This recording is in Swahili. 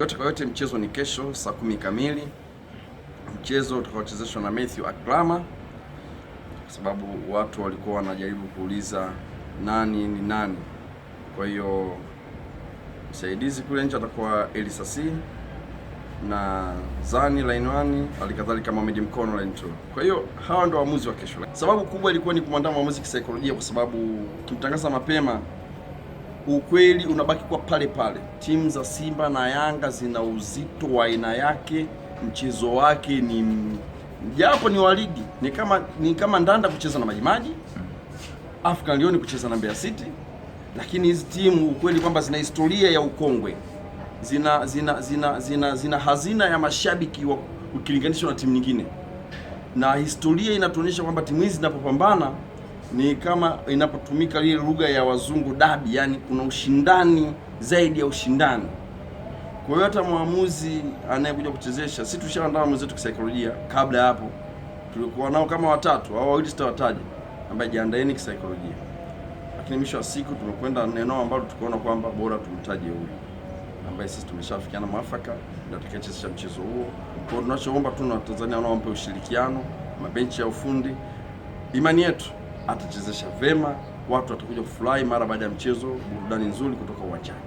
Yote kwa yote, mchezo ni kesho saa kumi kamili, mchezo utakaochezeshwa na matthew Akrama, kwa sababu watu walikuwa wanajaribu kuuliza nani ni nani. Kwa hiyo msaidizi kule nje atakuwa Elisa C na Zani line alikadhalika Mohamed Mkono line 2. Kwa hiyo hawa ndio waamuzi wa kesho. Sababu kubwa ilikuwa ni kumwandaa mwamuzi kisaikolojia, kwa sababu kimtangaza mapema ukweli unabaki kwa pale pale. Timu za Simba na Yanga zina uzito wa aina yake, mchezo wake ni japo ni wa ligi, ni kama ni kama Ndanda kucheza na Majimaji, Afrika Lion kucheza na Mbeya City, lakini hizi timu ukweli kwamba zina historia ya ukongwe, zina zina zina zina, zina hazina ya mashabiki ukilinganishwa na timu nyingine, na historia inatuonyesha kwamba timu hizi zinapopambana ni kama inapotumika ile lugha ya wazungu dabi, yani kuna ushindani zaidi ya ushindani. Kwa hiyo hata mwamuzi anayekuja kuchezesha, si tushaandaa wetu kisaikolojia kabla ya hapo. Tulikuwa nao kama watatu au wawili, sitawataja, ambaye jiandaeni kisaikolojia, lakini mwisho wa siku tumekwenda neno ambalo tukaona kwamba bora tumtaje huyu ambaye sisi tumeshafikiana mwafaka ndio atakayechezesha mchezo huo. Kwa hiyo tunachoomba tu na Watanzania wanaompa ushirikiano, mabenchi ya ufundi, imani yetu atuchezesha vema, watu watakuja kufurahi mara baada ya mchezo, burudani nzuri kutoka uwanjani.